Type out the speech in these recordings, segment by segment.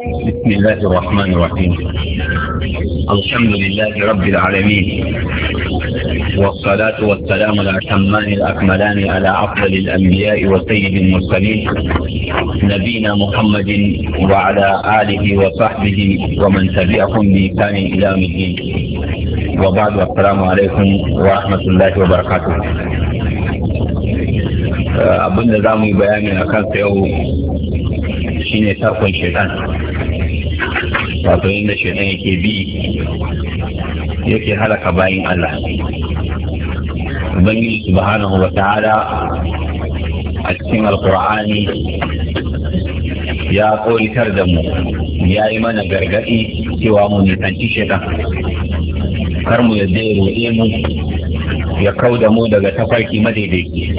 بسم الله الرحمن الرحيم الحمد لله رب العالمين والصلاة والسلام الأتمان الأكملان على أفضل الأنبياء وسيد المرسلين نبينا محمد وعلى آله وصحبه ومن تبعهم بإحسان إلى يوم الدين وبعد السلام عليكم ورحمة الله وبركاته آه، أبو زامي بيان أكلت يوم shine tarkon shaitan wato inda shaitan yake bi yake halaka bayan Allah ubangiji subhanahu wa ta'ala a cikin alkur'ani ya koritar da mu ya yi mana gargaɗi cewa mu nisanci shaitan kar mu yadda ya roɗe mu ya kau da mu daga tafarki madaidaici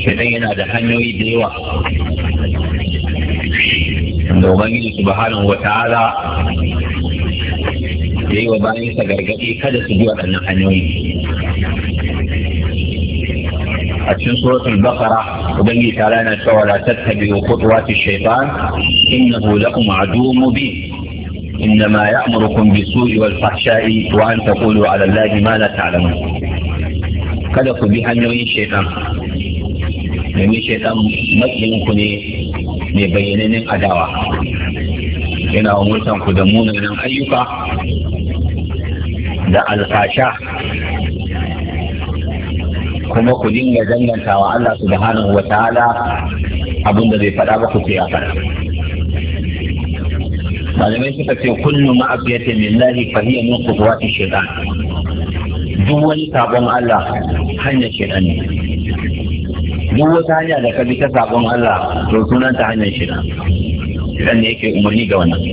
shaidan yana da hanyoyi da yawa da ubangiji subhanahu wa ta'ala ya yi wa bayansa gargaɗi kada su bi waɗannan hanyoyi a cikin suratul baqara ubangiji ta lana cewa la tattabi'u khutuwati shaytan innahu lakum aduwwun mubin إنما يأمركم بالسوء والفحشاء وأن تقولوا على الله ما لا تعلمون kada ku bi hanyoyin shaitan domin shaitan ku ne mai bayyananin adawa yana umurtan ku da munanan ayyuka da alfasha kuma ku dinga danganta wa Allah subhanahu wa ta'ala abin da zai faɗa ba ku ce ya malamai suka ce kullum ma'afiyatin lillahi fa hiya min qudwati shaytan duk wani sabon Allah hanyar shaytan ne duk wata hanya da ka bi ta sabon Allah to sunan ta hanyar shida. dan ne yake umarni ga wannan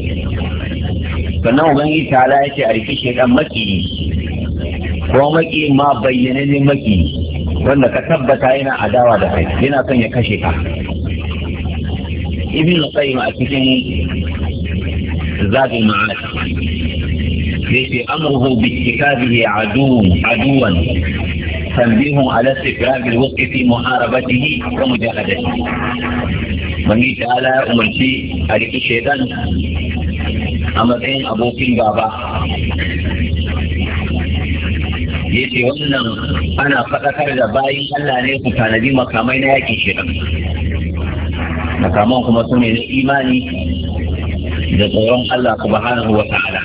sannan ubangiji ta ala yake a rike shekan maki ko maki ma bayyane ne maki wanda ka tabbata yana adawa da kai yana son ya kashe ka ibn qayyim a cikin zabi ma'ad yace amruhu bi ittikhadihi aduwan aduwan تنبيه على استكرام الوقت في محاربته ومجاهدته Bangi ta'ala ya umarci a riƙi shaidan a matsayin abokin gaba. Ya ce wannan ana faɗakar da bayan Allah ne ku tanadi makamai na yaƙin shaidan. Makaman kuma su ne na imani da tsoron Allah subhanahu wa ta'ala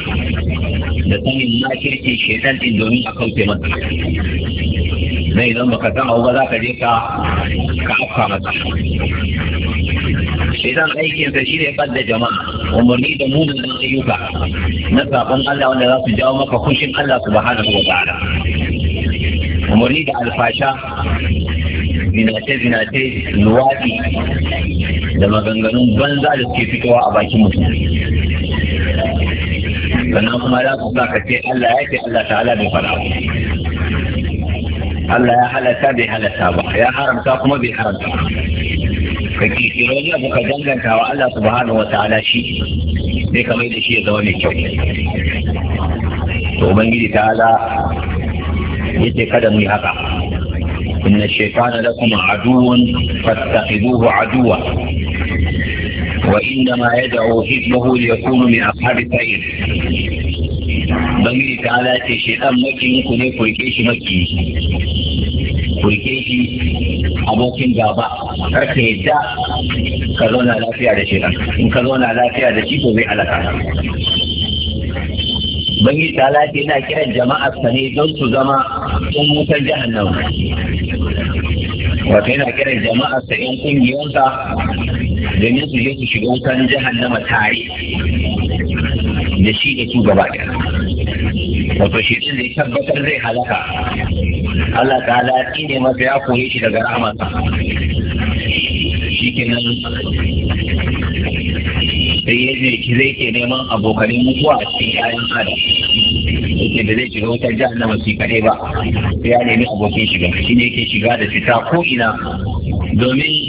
da sanin makirci shaidan ɗin domin a kauce masa. sannan idan baka gama ba za ka je ka ka afka masa idan aikin sa shine kadda jama'a umarni da munanan ayyuka na sabon Allah wanda za su jawo maka kushin Allah subhanahu wa ta'ala umarni da alfasha zinace-zinace luwaɗi da maganganun banza da suke fitowa a bakin mutum sannan kuma za su sa ka ce Allah ya ce Allah ta'ala bai faɗa قال يا حلا سابي حلا سابق يا حرم سابق مبي حرم سابق فكي يرغي أبو كجنجا كهو الله سبحانه وتعالى شيء ديك ميد شيء دوني كي ومن قيل تعالى يتي قدم يهقع إن الشيطان لكم عدو فاتخذوه عدوا وإنما يدعو حزبه ليكون من أصحاب السعير بمي تعالى تشيئا مكي مكي مكي مكي kurke shi abokin gaba kar ka yadda ka zauna lafiya da shi in ka zauna lafiya da shi to zai alaka bangi ta lafi na kiran jama'a sa ne don su zama sun jihar jahannam Wata yana kiran jama'a sa yan kungiyansa domin su je su shiga jihar jahannama tare da shi da su gaba ɗaya wato shi zai tabbatar zai halaka Allah ta ya ne masa ya koye shi daga rahamarsa shi kenan sai ya je ki zai ke neman abokanin mutuwa a cikin ƴaƴan adam yake da zai shiga wutar jahannama shi kaɗai ba sai ya nemi abokin shiga shi ne yake shiga da fita ko ina domin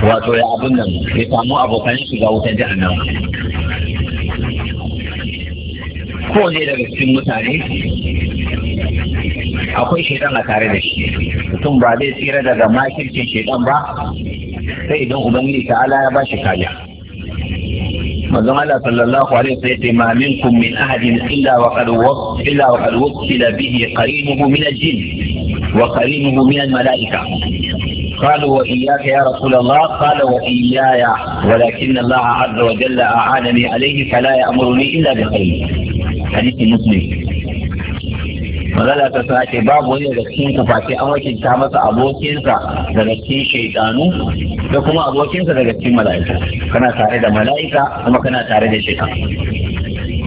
wato ya abin nan ya samu abokan shiga wutar jahannama ko ne daga cikin mutane akwai shaidan a tare da shi mutum ba zai tsira daga makircin shaidan ba sai idan ubangiji ta ala ya bashi shi kariya manzon Allah sallallahu alaihi wasallam sai ma minkum min ahadin illa wa qad illa wa qad wasila bihi qarinuhu min al-jinn wa qarinuhu min al-mala'ika قالوا وإياك يا رسول الله قال وإياي ولكن الله عز وجل أعانني عليه فلا يأمرني إلا بخير حديث مسلم magana ta sake babu wani daga cikin ku face an wakilta masa abokinsa daga cikin shaidanu da kuma abokinsa daga cikin mala'ika kana tare da mala'ika kuma kana tare da shaitan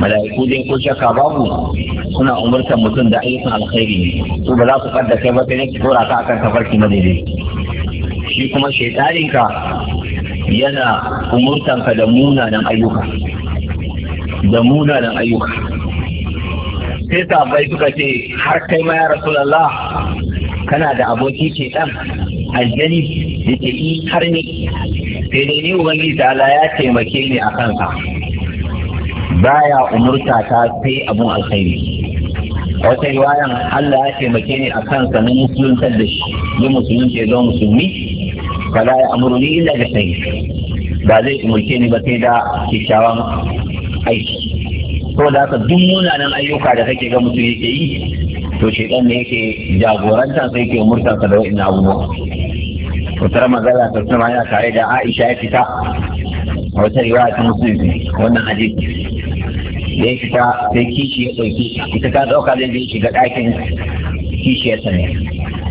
mala'iku dai ko shakka babu suna umurtar mutum da ayyukan alkhairi su ba za su fadda kai ba sai ne su dora ka akan tafarki madaidai shi kuma shaitaninka yana umurtanka da munanan ayyuka da munanan ayyuka sai sabai suka ce har kai ma ya rasulallah kana da aboki ce dan aljani da ke yi har ne sai dai ni ubangiji ta ala ya taimake ni a kansa baya umurta ta sai abun alkhairi wata riwayan Allah ya taimake ni a kansa na musuluntar da shi ni musulunci ya zo musulmi fala ya amuru ni illa da sai ba zai umarce ni ba sai da kyakkyawan aiki saboda haka duk munanan ayyuka da kake ga mutum yake yi to shi dan ne yake jagoranta sai ke umurtansa da wa'in abubuwa tara magana ta tsama ya tare da aisha ya fita a wata riwaya ta musulmi wannan hadisi da ya fita sai kishi ya ɗauki ita ta ɗauka zai je shiga ɗakin kishiyarsa ne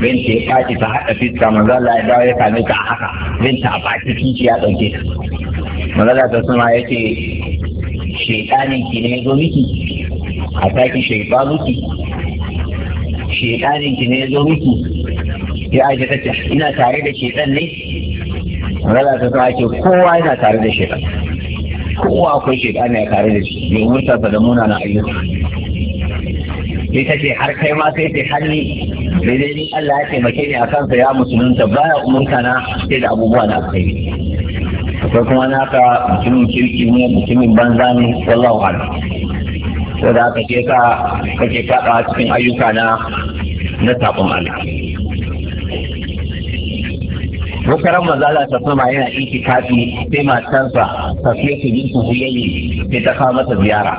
binta ya ɓaci ta haɗa fiska manzo Allah ya dawo ya same ta a haka binta a ɓaci kishi ya ɗauke ta manzo Allah ta tsama yake ce shaidanin ki ne ya zo miki a taki shaidanuki shaidanin ki ne ya zo miki ya aje ta ina tare da shaidan ne rala ta ta ce kowa yana tare da shaidan kowa akwai shaidan ya tare da shi mai murtasa muna na ayyuka sai ta ce har kai ma sai ta hanni daidai ni Allah ya taimake ni a kansa ya musulunta baya umurta na sai da abubuwa na alkhairi akwai kuma na ka, mutumin kirki ne mutumin banza ne sallahu alam ko da aka ke ka kake fada cikin ayyuka na na sabon Allah Bukaran mazala ta sama yana iki kafi sai ta fiye su yi su huyayi sai ta kawo masa ziyara.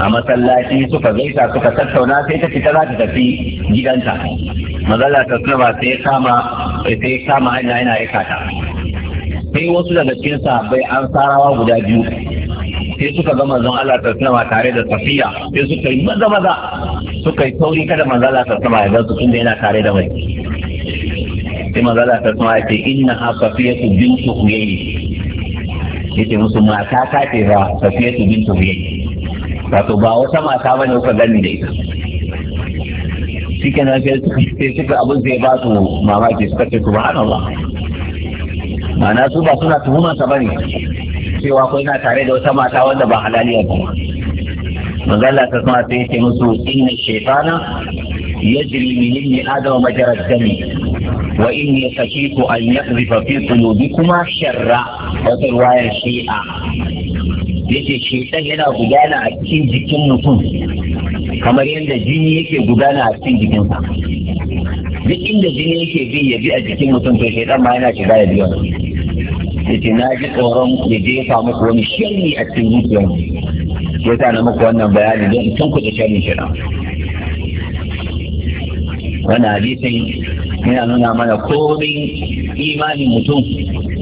A masallaci suka gaisa suka tattauna sai ta fita za ta tafi gidanta. Mazala ta sama sai kama sai kama hanya yana sai wasu daga cikin sahabbai an sarawa guda biyu sai suka ga manzon Allah sallama tare da safiya sai suka yi maza maza suka yi sauri kada manzon Allah sallallahu ya gansu tunda yana tare da mai sai manzon Allah sallallahu ya ce inna safiyatu bintu ya yace musu mata ta ce fa safiyatu bintu uyayi wato ba wata mata bane kuka gani da ita shi kenan sai suka abin zai ba su mamaki suka ce subhanallah ma'ana su ba suna tuhumarsa ba ne cewa ko ina tare da wata mata wanda ba halaliyar ba manzala ta kuma sai ce musu inna shaitana yajri min ibni adam majra dami wa inni khashitu an yaqdhifa fi qulubikuma sharra wa riwayar shi'a yace shaitan yana gudana a cikin jikin mutum kamar yadda jini yake gudana a cikin jikinsa duk inda jini yake bi ya bi a jikin mutum to shaitan ma yana shiga ya biya ce na ji tsoron ya samu muku wani shirri a cikin zuciyar ya sa na muku wannan bayani don in san ku da shirri kenan wannan hadisin yana nuna mana komai imanin mutum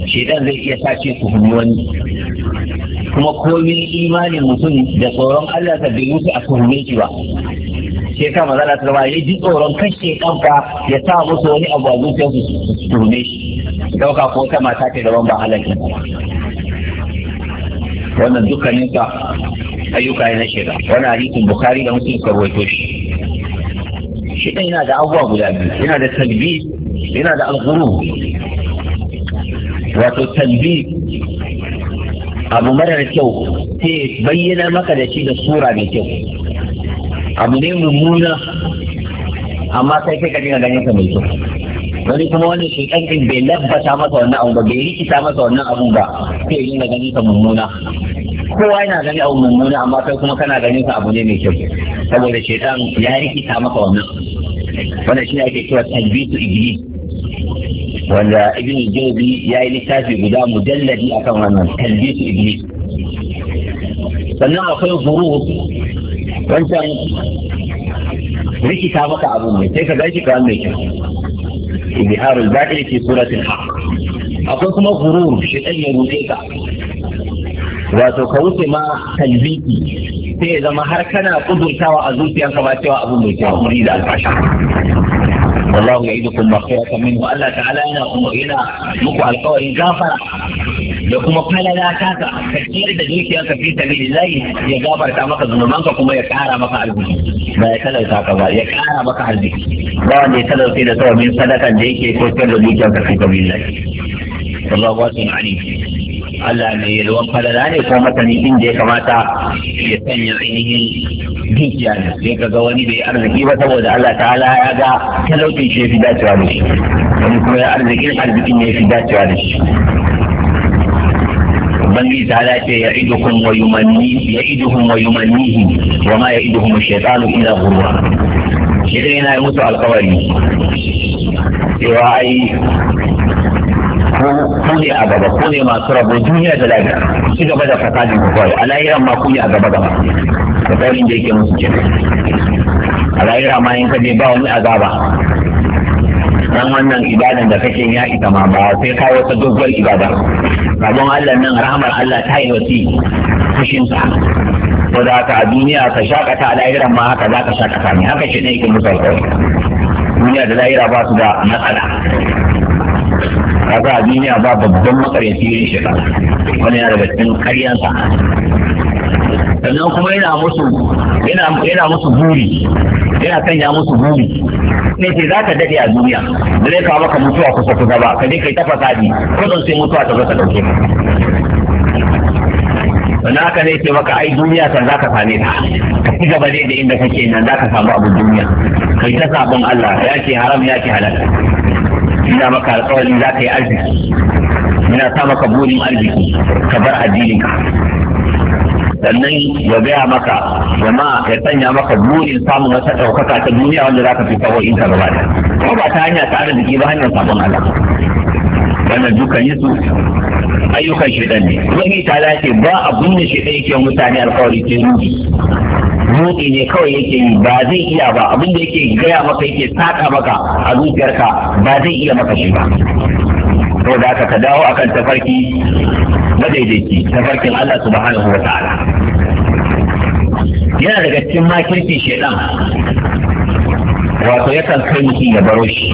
shedan zai iya sace ku hannu wani kuma komai imanin mutum da tsoron Allah ta bai mutu a kuhume shi ba sai ka maza ta ya ji tsoron kashe kanka ya sa musu wani abu a zuciyarsu su tuhume shi ɗauka ko wata mata ta daban ba'alan halalci wannan dukkanin ka ayyuka ne na shiga. Wani hadisin bukari da muslim ka shi shi ɗan yana da abubuwa guda biyu yana da talbi yana da alghuru wato talbi abu marar kyau ta bayyana maka da shi da sura mai kyau abu ne mummuna amma sai kai ka dina ganin ka mai kyau wani kuma shi ɗan ɗin bai labbata masa wannan abu ba bai rikita masa wannan abu ba sai yin da ganin sa mummuna kowa yana gani abu mummuna amma kai kuma kana ganin sa abu ne mai kyau saboda shekan ya rikita masa wannan wannan shi ake cewa talbisu iblis wanda ibn jobi ya yi littafi guda mujalladi akan wannan talbisu iblis sannan akwai guru wancan rikita maka abu mai sai ka gashi ka mai kyau في بحار البحر في سورة الحق أقسم غرور في أي روزيكا وتوكوت ما تلبيتي في إذا هركنا قدر سوا أزوتي أن كما سوا أبو موسى مريد البشر الله يعيدكم مغفرة منه الله تعالى أنا أمرنا مكوى القوى إن جافر da kuma falala kasa ka ciyar da dukiya ka fi sabilillahi ya gafarta maka zunubanka kuma ya kara maka arziki ba ya talauta ka ba ya kara maka arziki ba wanda ya talauce da tsawon sadakan da yake ko ciyar da dukiya ka fi sabilillahi wallahu wasu alim Allah mai yalwan falala ne ko masani inda ya kamata ya sanya ainihin dukiya ne sai ka ga wani bai arziki ba saboda Allah ta'ala ya ga talaucin shi ya fi dacewa da shi wani kuma ya arzikin arzikin ne ya fi dacewa da shi ubangiji ta dace ya idukum wa yumanni ya iduhum wa yumannihi wa ma ya iduhum shaytanu illa ghurura shi dai yana musu alkawari cewa ai ku ne a gaba ku ne masu rabo duniya da lafiya ci gaba da fasadin ku kawai alayiran ma ku ne a gaba gaba da tsarin da yake musu ce alayira ma in ka je ba wani azaba dan wannan ibadan da kake ya ita ma ba sai kawo wata doguwar ibada sabon Allah nan rahamar Allah ta yi wasi fushinsa ko da haka a duniya ka shakata a lahiran ma haka za ka shakata ne haka shi ne yake musu alƙawari duniya da lahira ba su da matsala kaga a duniya ba babban makaryaci irin shi wani yana daga cikin karyansa sannan kuma yana musu yana yana musu buri yana sanya musu buri ne ce za ka daɗe a duniya da zai kawo maka mutuwa kusa kusa ba ka je kai ta ko kudin sai mutuwa ta zata ta ɗauke sannan haka zai ce maka ai duniya san za ka same ta ka ci gaba ne da inda kake nan za ka samu abu duniya kai ta sabon Allah ya ce haram ya ce halal ina maka alƙawarin za ka yi arziki ina sa maka burin arziki ka bar addininka sannan ya gaya maka jama'a ya sanya maka burin samun wata ɗaukaka ta duniya wanda za ka fi in ka gaba da ko ba ta hanya ta arziki ba hanyar sabon Allah wannan dukkan yesu ayyukan shaidan ne wani ta dace ba abun da shaidan yake mutane alkawari ke rubi motsi ne kawai yake yi ba zai iya ba abin da yake gaya maka yake saka maka a zuciyarka ba zai iya maka shi ba to da ka dawo akan tafarki madaidaici tafarkin Allah subhanahu wa ta'ala yana daga cikin makirci shedan wato yakan kai mutum ya baro shi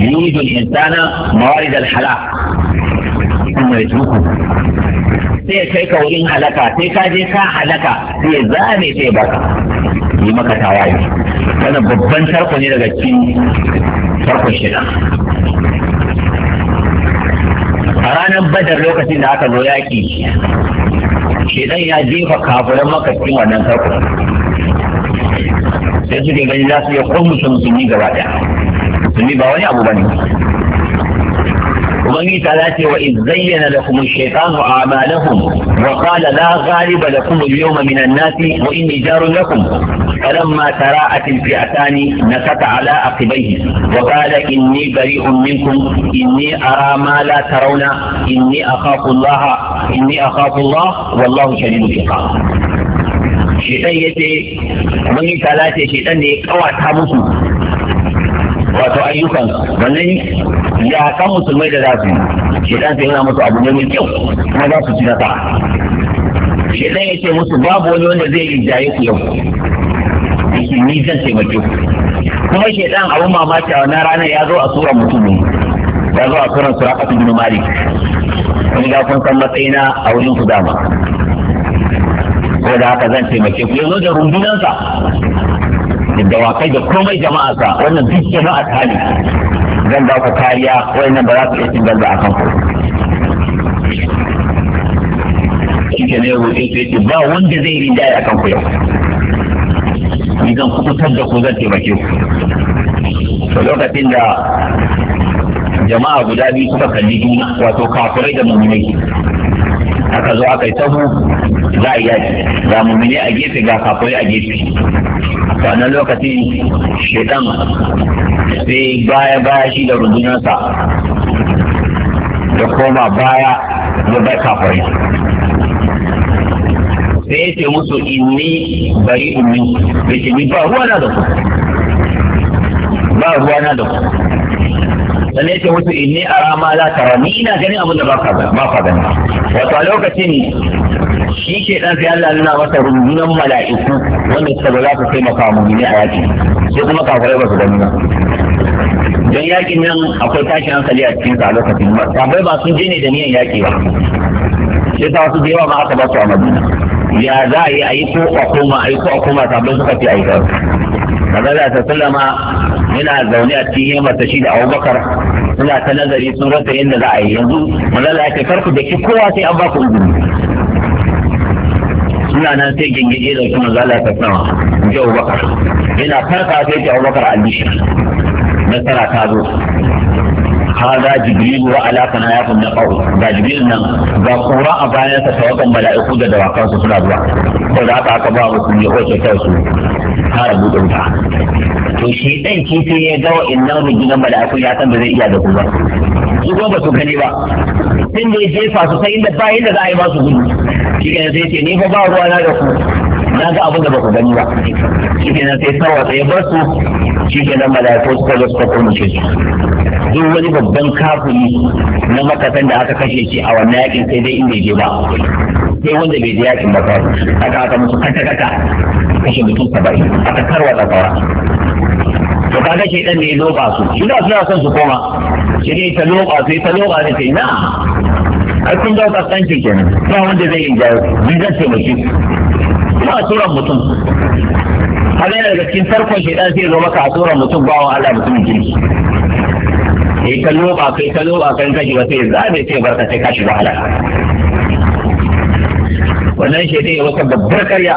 يريد الإنسان موارد الحلاق ya tuku sai kai ka wurin halaka sai ka je ka halaka sai ya zame sai ya baka yi maka tawaye wannan babban tarko ne daga cikin tarkon shida ranar badar lokacin da aka zo yaƙi shedan ya jefa kafuran maka cikin wannan sarko sai suke gani za su iya kun gaba ɗaya musulmi ba wani abu ba ne وبني ثلاثة وإذ زين لكم الشيطان اعمالهم وقال لا غالب لكم اليوم من الناس وإني جار لكم فلما تراءت الفئتان نكت على عقبيه وقال إني بريء منكم إني أرى ما لا ترون إني أخاف الله إني أخاف الله والله شديد العقاب shedan ya ce wani tala ce ne ya kawata musu wato ayyukan wannan ya kan musulmai da za su yi shedan sai yana musu abu ne mai kyau kuma za su ci nasara shedan ya ce musu babu wani wanda zai rinjaye ku yau yake ni zan taimake ku kuma shedan abu mamaki a wannan ranar ya zo a suran mutum ya zo a suran surakatu bin malik wani ga kun san matsayina a wurin ku dama ko da haka zan taimake ku yanzu da rundunansa da dawakai da komai jama'arsa wannan duk jama'a ta ne zan ba ku kariya nan ba za su iya cin galba a kan ku shi ke ne roƙe su yake ba wanda zai yi rinjaye a kan ku yau ni zan kuɓutar da ku zan taimake ku to lokacin da jama'a guda biyu suka kalli juna wato kafirai da mummunai aka zo aka yi tabu za a yaki ga mummune a gefe ga kafirai a gefe wannan lokacin shaitan sai baya baya shi da rundunarsa da koma baya ya bai kafari sai ce musu inni bari inni da ke ni ba ruwa na da ku ba ruwa na da ku sannan ne ce musu inni a rama za ta rami ina ganin abin da ba ka gani wato a lokacin shi ke dan sai Allah nuna masa rundunan mala'iku wanda suka ba za su taimaka wa mu'mini a yaki sai kuma kafirai ba su gani ba don yakin nan akwai tashin hankali a cikin sa a lokacin kafirai ba sun je ne da niyan yaki ba sai ta wasu da yawa ma aka ba su a madina ya za a yi a yi ko a koma a yi ko a koma sabbin suka fi a yi kawai kaga da ta sallama yana zaune a cikin yamma ta shi da abubakar suna ta nazari sun rasa yadda za a yi yanzu manzala ya ce karku da ki kowa sai an ba ku izini suna nan sai gingije da kuma zala ta sama ji abubakar yana farka sai ce abubakar albishir nasara ta zo هذا جبريل وعلى قناعه النقاو دا جبريل نان با قرا ابايا tawakan ملائكه دا دواقا su suna zuwa ko da aka aka ba wa mutum ya hoce ta su har buɗe ta to shi dan kife ya ga wa'annan rujunan mala'iku ya san ba zai iya da ku ba su ba su gani ba Sun da jefa su sai inda bayan da za a yi ba su gudu shi sai ce ni fa ba ruwa na da ku na ga abin da ba ku gani ba shi kenan sai sawa sai bar su shi kenan mala'iku suka zo suka kurmushe su duk wani babban kafiri na makasan da aka kashe shi a wannan yakin sai dai inda je ba sai wanda bai je yakin ba kawai aka aka musu kata kata kashe mutum saba'in aka tarwata kawai to kaga shi dan ne ya loba su shi da suna son su koma shi ne ta loba sai ta loba ne sai na ai kun ga kaskanci kenan ba wanda zai yi jayo ni zan taimake ba a tura mutum har yana daga cikin tarkon shaidan sai zo maka a tura mutum ba wa Allah mutumin kirki yi ka loba kai ka loba kai kashi shiga sai zabe sai barka sai kashi ba halaka wannan shaidan ya wata babbar karya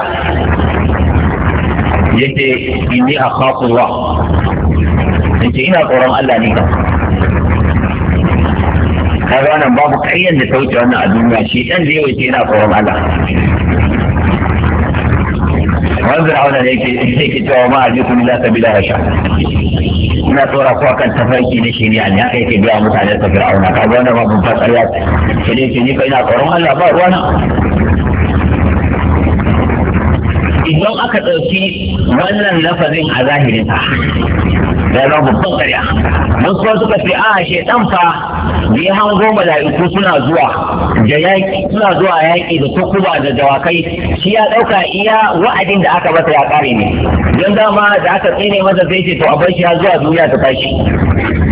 yace inni akhafullah yace ina tsoron Allah ne ka kaga wannan babu ƙaryar da ta wuce wannan a duniya shi ɗan da yawanci yana tsoron Allah wani fir'auna ne yake cewa ma ajikum ila sabila rasha ina tsora ko akan tafarki na shi ne haka yake biya mutane ta fir'auna kaga wannan babu fasariya ce sai dai ce ni kai na tsoron Allah ba ruwana idan aka ɗauki wannan lafazin a zahirin sa da zama babban ƙarya don kuma suka ce a shaidan fa da ya hango mala'iku suna zuwa da yaƙi suna zuwa yaƙi da takuba da dawakai shi ya ɗauka iya wa'adin da aka masa ya ƙare ne don dama da aka tsine masa sai ce to a bar shi ya zuwa duniya ta tashi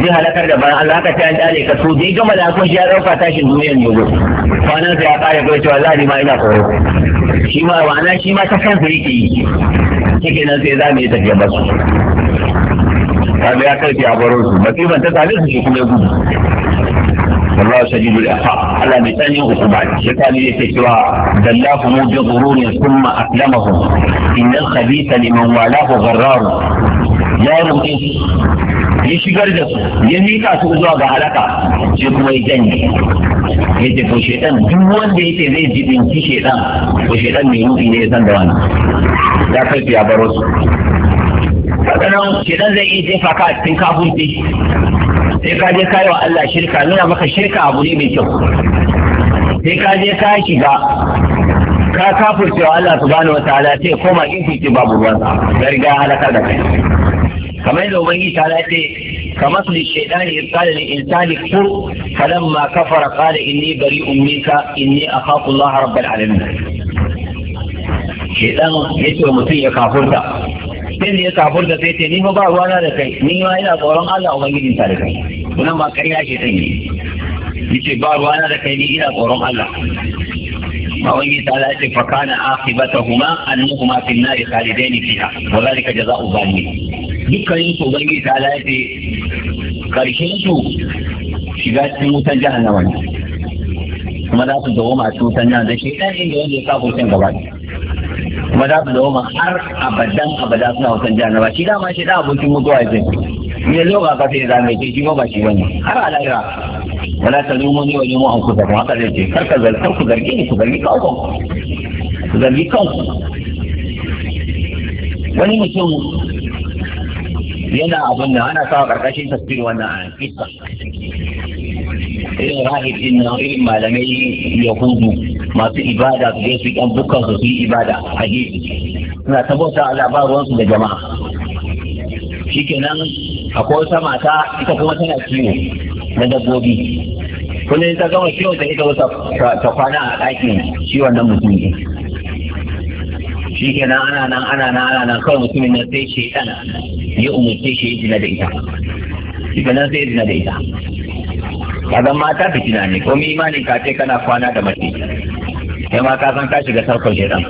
zai halakar da bayan Allah ka ta yan dale ka so da ya gama da shi ya ɗauka tashin duniyar ne kwanan sa ya ƙare kawai cewa za ma ina tsoro shi ma ma'ana shi ma ta kansa yake yi cikin nan sai za mu yi tafiya ba su kaga ya karfi a baro su masifan ta same su shi kuma ya gudu والله شديد العقاب على لسان عقوبات شيطان يتشوى دلاهم بغرور ثم أكلمهم إن الخبيث لمن والاه غرار ya roƙe su ya shigar da su ya miƙa su zuwa ga halaka sai kuma ya janye ya ce ko shaidan duk wanda ya ce zai jibinci shaidan ko shaidan mai nufi ne ya san da wani ya kai ya baro su sannan shaidan zai iya jefa ka a cikin kafurci sai ka je kayi wa Allah shirka nuna maka shirka abu ne mai kyau sai ka je ka shiga ka kafurce wa Allah subhanahu wataala sai koma in fiti babu ruwansa ya riga halakar da kai kamar yadda ubangi ta lace kamar su shaidani irkala ne insani kur kalan ma kafara kala inni bari umminka inni a kafin Allah rabbal alamin shaidan ya ce wa mutum ya kafurta sai ne ya kafurta sai ce ni fa ba ruwana da kai ni ma ina tsoron Allah ubangijin ta da kai wannan ma karya shaidan ne yace ba ruwana da kai ni ina tsoron Allah فوجد ذلك فكان عاقبتهما انهما في النار خالدين فيها وذلك جزاء الظالمين dukkanin su yi ta lafi karshen su shiga cikin wutan jahannama ne kuma za su dawo masu wutan nan da shekaru inda wanda ya kafa wutan gaba kuma za su dawo har abadan abada suna wutan jahannama shi dama shi da abokin mutuwa ya zai ne zo ba kafin da mai ce shi ba shi bane har alaira wala ta nemo ne wani mu an kusa kuma haka zai ce kar ka zargi ku zargi ni ku zargi kanku ku zargi kanku wani mutum yana abin da ana sawa karkashin tafsir wannan a kisa irin rahib din na irin malamai yahudu masu ibada su je su yan bukkan su yi ibada a gefe suna tabbata Allah ba ruwansu da jama'a shikenan akwai wata mata ita kuma tana kiwo na dabbobi kullum ta gama kiwon ta ita wata ta kwana a ɗakin ciwon nan mutum shi nan, ana nan ana nan ana nan kawai mutumin nan sai shi ana ya umarce shi ya zina da ita shi nan sai ya zina da ita zan mata fitina ne komai imanin ka ce kana kwana da mace kai ma ka san ka shiga sarkon shedan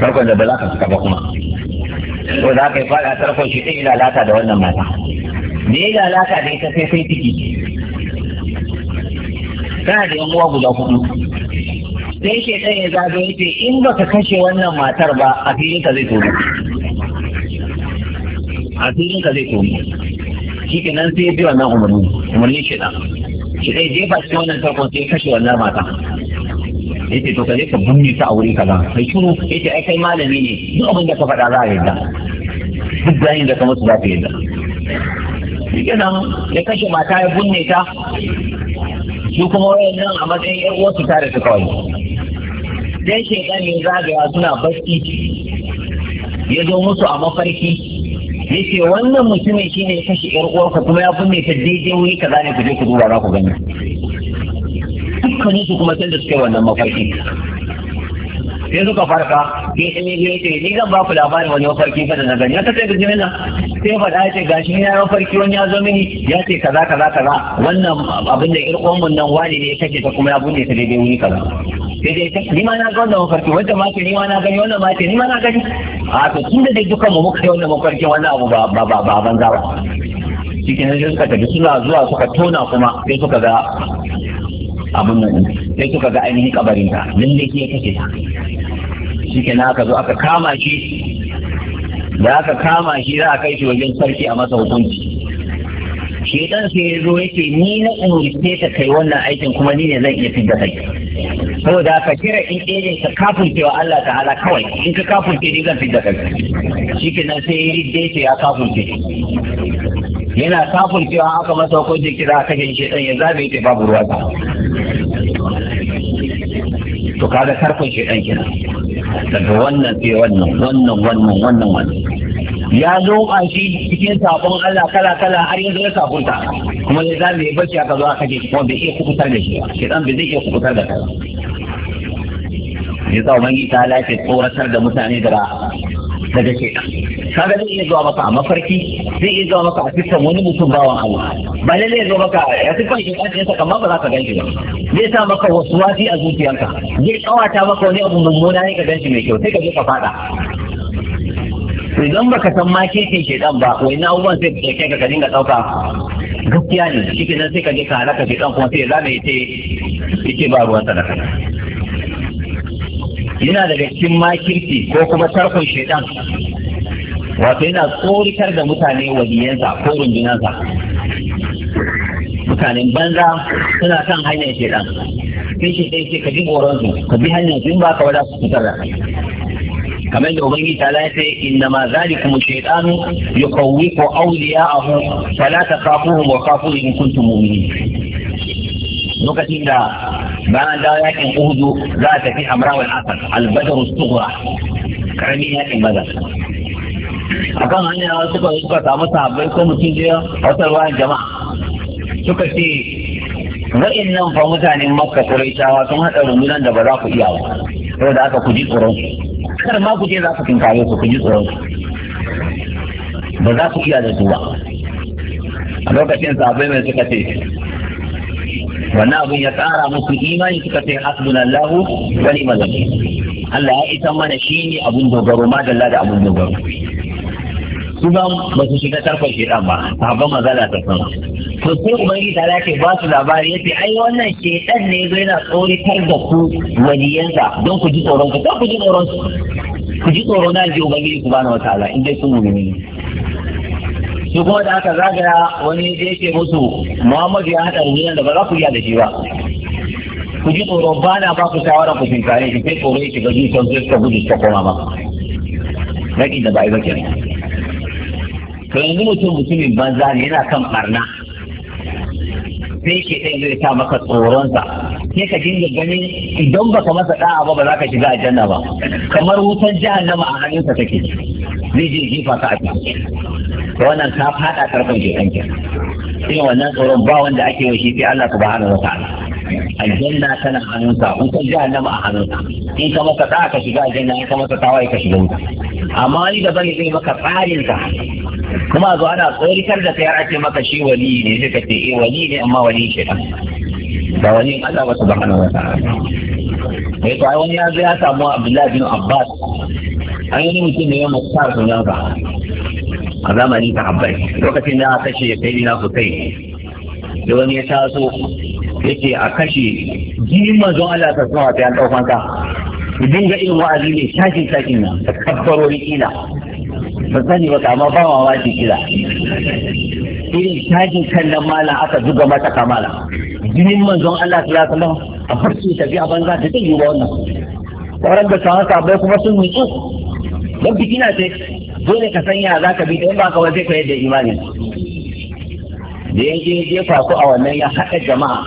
sarkon da ba za ka suka ba kuma ko za ka yi fada sarkon shi ɗin lalata da wannan mata me ya lalata da ita sai sai ciki kana da yan uwa guda hudu sai ɗan ya zaga ya ce in ba ka kashe wannan matar ba a filinka zai tono a filinka zai tono shi ke nan sai ya bi wannan umarni umarni shi shaitan ya ba su wannan tarkon sai ya kashe wannan mata ya ce to ka je ka bunne ta a wuri kaza kai shuru ya ce ai kai malami ne duk abin da ka faɗa za a yadda duk bayan da ka masu za ka yadda shi nan ya kashe mata ya bunne ta su kuma wayan nan a matsayin yan uwarsu tare su kawai dan shaidan ne ya suna barci ya zo musu a mafarki ya ce wannan mutumin shi ya kashe yar uwarka kuma ya kunne ta daidai wuri kaza ne ku je ku duba za ku gani dukkanin su kuma canza suke wannan mafarki sai suka farka sai sun yi ce ni zan ba ku labarin wani mafarki fa da na gani aka sai ga nan sai faɗa ya ce gashi ya mafarki wani ya zo mini ya ce kaza kaza kaza wannan abin da irkon mun nan wani ne ya kashe ta kuma ya bunne ta daidai wuri kaza ni ma na ga wannan mafarki wanda ma ce ni ma na gani wannan ma ce ni ma na gani a to tun da dai dukkan mu muka yi wannan mafarkin wannan abu ba ba ba ba banza ba shi kenan sai suka tafi suna zuwa suka tona kuma sai suka ga abin nan sai suka ga ainihin kabarin ta lalle ya kake ta shi kenan aka zo aka kama shi da aka kama shi za a kai shi wajen sarki a masa hukunci shedan sai ya zo yake ni na umurce ka kai wannan aikin kuma ni ne zan iya fidda kai saboda ka kira in ɗaya ka kafurce wa Allah ta'ala kawai in ka kafurce ni zan fidda kai nan sai ya ridde sai ya kafurce yana kafurcewa aka masa hukunci kira ka jin shedan ya zabe yake babu ruwa to kaga karfin shedan kenan daga wannan sai wannan wannan wannan wannan wannan ya zoba shi cikin sabon Allah kala kala har yanzu ya sabunta kuma zai zame yi bacci aka zo aka je kuma bai iya kukutar da shi shedan bai zai iya kukutar da kai ya sa ubangi ta lafi tsoratar da mutane da daga shedan kaga zai iya zuwa maka a mafarki zai iya zuwa maka a cikin wani mutum bawan Allah ba lalle ya zo maka ya cikin shedan ne saka kamar ba za ka ganshi ba zai sa maka wasu wasi a zuciyarka zai kawata maka wani abu mummuna ne ka ganshi mai kyau sai ka je ka fada to idan baka san ma ke dan ba wai na uban sai ka kai ka dinga dauka gaskiya ne shike nan sai ka je ka halaka dan kuma sai zame yace ke ba ruwan sadaka yana daga cikin makirki ko kuma tarkon shedan wato yana tsoritar da mutane waliyansa ko rundunansa mutanen banza suna kan hanyar shedan sai shi sai ka ji tsoron ka bi hanyar su in ba ka wada su fitar da kamar da ubangi ta lafi inna ma zalikum shaytan yuqawwiqu awliya'ahu fala taqafuhum wa qafu in kuntum mu'minin lokacin da bayan da yakin uhudu za a tafi amrawal asad albadar sughra karamin yakin badar akan hanya suka suka samu sahabbai ko mutum je wata ruwan jama'a suka ce ra'in nan fa mutanen makka kuraitawa sun haɗa rundunar da ba za ku iya ba saboda aka ku ji tsoron kar ma ku je za ku kinkare su ku ji tsoron su ba za ku iya da su ba a lokacin sabai mai suka ce wannan abun ya tsara musu imani suka ce hasbunallahu Allahu wani wakil Allah ya isa mana shi ne abin dogaro ma da abin dogaro su ba ba su shiga tarkon shedan ba sabon magana ta sama to sai ubangiji ta ce ba su labari yace ai wannan shedan ne zai na tsoritar da ku waliyansa don ku ji tsoron ku ku ji tsoron su ku ji tsoron na ji bana wata ala, in dai kun mu'mini su kuma da aka zagaya wani da yake musu muhammadu ya haɗa rundunar da ba za ku iya da shi ba ku ji tsoro ba na ba ku shawara ku tinkare ki sai tsoro ya shiga zuciyar su ka gudu ta koma ba. Raƙi da ba yi ba kenan. to yanzu mutum mutumin banza ne yana kan barna sai ke ɗan zai sa maka tsoronsa sai ka dinga ganin idan baka masa da'a ba ba za ka shiga aljanna ba kamar wutan jahannama a hannunsa take zai je jifa ka a ta wannan ka fada karfin ke ke sai wannan tsoron ba wanda ake yi shi sai Allah subhanahu wa ta'ala aljanna tana hannunsa wutan jahannama a hannunsa in ka masa da'a ka shiga aljanna in ka masa tawaye ka shiga wuta amma wani daban ne zai maka tsarin ka. kuma zo ana tsorikar da kai ake maka shi wali ne sai ka ce eh wali ne amma wali ke nan ba wali Allah ba subhanahu wa ta'ala eh to ai wani ya zo ya samu Abdullahi bin Abbas an yi mutum ne ya mutar sunan ka a zamanin ta habbai lokacin da aka kashe kai ni na sosai da wani ya taso yake a kashe jinin manzon Allah ta sama ta yan daukan ka idan ga irin wa'azi ne shakin shakin nan da kabbarori kila sani ba kama ba mamaki kira irin tajin kan nan malam aka zuga mata kamala jinin manzon Allah sallallahu alaihi wasallam a farce tafi a banza ta yi ba wannan sauran da sauran bai kuma sun nutsu don biki na ce dole ka sanya za ka bi don ba ka wani zai koyar da imanin da ya je je faku a wannan ya haɗa jama'a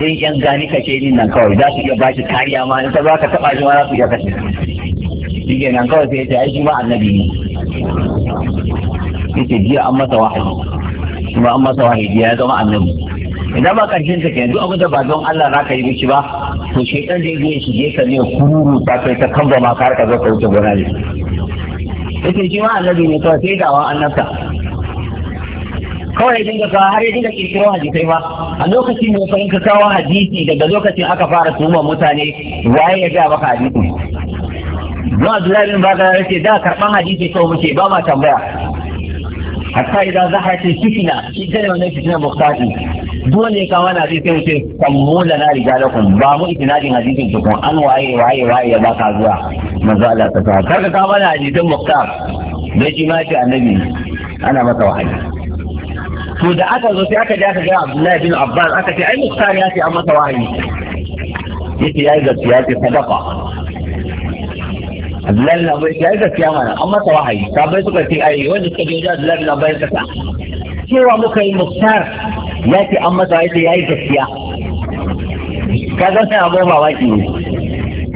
sai yan gani ka ce nan kawai za su iya ba shi kariya ma in ta za ka taɓa shi ma za su iya kashe shi nan kawai sai ya ce ai shi ma annabi ne yace jiya an masa wahayi kuma an masa wahayi jiya ya zama annabi idan ba karshen ta ke duk abin da ba don Allah za ka yi mishi ba to da ya iya shi ka ne kururu ta kai ta kamba ma ka ka zaka wuce gona ne yace shi ma annabi ne kawai sai dawa annabta kawai dinga kawo har ya dinga kirkiro hadisai ba a lokacin ne fa in kawo hadisi daga lokacin aka fara tuma mutane waye ya ga maka hadisi ma Abdullahi bin Baga yake da karban hadisi kawai muke ba ma tambaya hatta idan zaharat fitina shi ne wannan fitina muktadi duk wanda ya kawo na zai sai wuce kammu da na riga da kun ba mu itinadin hadisin ku kun an waye waye waye ya baka zuwa manzo Allah ta ta karka kawo na hadisin muktar da shi ma ce annabi ana masa wahayi to da aka zo sai aka je aka ga Abdullahi bin Abbas aka ce ai muktar ya ce an masa wahayi yace yayi gaskiya ce sadaqa lallabai ya yi gaskiya mana an masa wahayi sabai suka ce ai wanda suka je da lallabai kasa cewa muka yi muktar ya ce an masa wahayi sai ya yi gaskiya kaga sai abu mamaki ne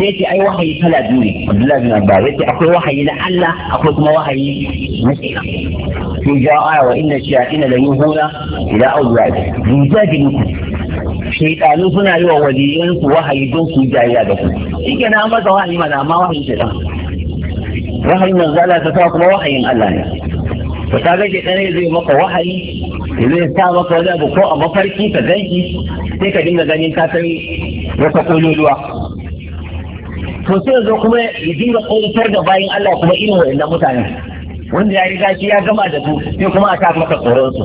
sai ce ai wahayi kala biyu ne Abdullahi bin Abbas yace akwai wahayi na Allah akwai kuma wahayi na shaytan sai ja'a wa inna shayatin la yuhuna ila awlad yujadilukum shaidanu suna yi wa waliyansu wahayi don su jayya da su. ike ke na masa wahayi mana amma wahayin shaidan wahayin yanzu Allah ta sa kuma wahayin Allah ne to ka ga shaidan zai maka wahayi zai sa maka wani abu ko a mafarki ka ganki sai ka dinga ganin ka sai wata kololuwa to sai yanzu kuma ya dinga ƙoƙartar da bayan Allah kuma irin wa'annan mutane wanda ya riga shi ya gama da su sai kuma a sa maka tsoron su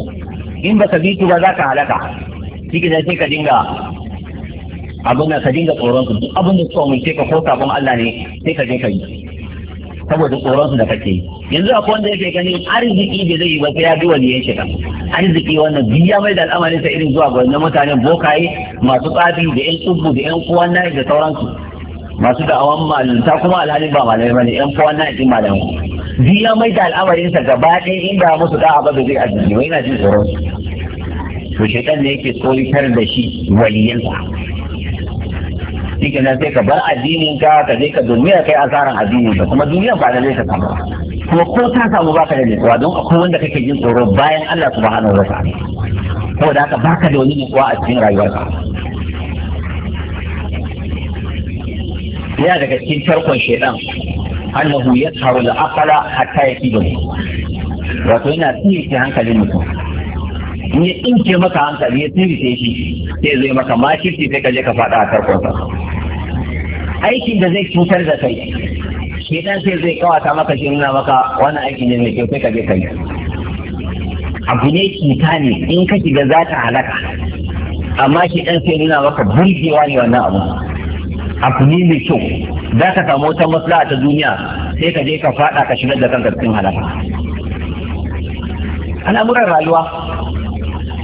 in ba ka bi ba za ka halaka shi sai ka dinga abin ka dinga tsoron su duk abin da suka mun ka ko sabon Allah ne sai ka je ka yi saboda tsoron su da kake yanzu akwai wanda yake ganin arziki da zai yi ba sai ya bi wani ya shiga arziki wannan biya mai da al'amarin sa irin zuwa ga wannan mutanen bokaye masu tsafi da yan tsubu da yan kuwan nan da sauransu masu da'awan malinta kuma alhali ba malamai bane yan kuwan nan din malamai biya mai da al'amarin sa gaba ɗaya inda musu da'a ba zai arziki ba yana jin tsoron su to shaitan ne yake tsoritar da shi waliyansa shi nan sai ka bar addinin ka ka je ka duniya kai asaran addinin ka kuma duniya ba da zai ka samu kuma ko ta samu baka da nutsuwa don akwai wanda kake jin tsoro bayan Allah subhanahu wa ta'ala saboda haka baka da wani nutsuwa a cikin rayuwarka yana daga cikin tarkon shaitan annahu tsaro da aqla hatta yakidu wato yana tsike hankalin mutum in ya tsinke maka hankali ya tsirce shi sai zai maka makirci sai ka je ka faɗa a karfafa. aikin da zai cutar da kai shedan sai zai kawata maka shi nuna maka wannan aikin ne mai kyau sai ka je ka yi abu ne cuta ne in ka shiga za ta halaka amma shi ɗan sai nuna maka burgewa ne wannan abu abu ne mai kyau za ka samu wata maslaha ta duniya sai ka je ka faɗa ka shigar da kanka cikin halaka al'amuran rayuwa